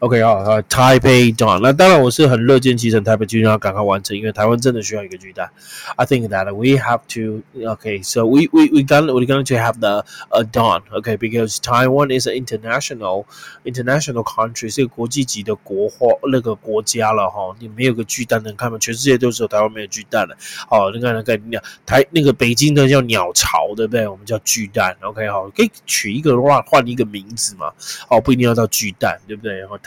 OK 啊，Taipei Dome，那當然我是很樂見其成，台北巨蛋要趕快完成，因為台灣真的需要一個巨蛋。I think that we have to OK，so、okay, we we we gonna we gonna to have the uh Dome OK，because、okay, Taiwan is an international international country，是一個國際級的國貨，那個國家了哈、哦。你沒有個巨蛋，能看到全世界都只有台灣沒有巨蛋的。好、哦，你看那個鳥、那個那個，台那個北京的叫鳥巢，對不對？我們叫巨蛋。OK，好、哦，可以取一個換換一個名字嘛。哦，不一定要叫巨蛋，對不對？然、哦、後。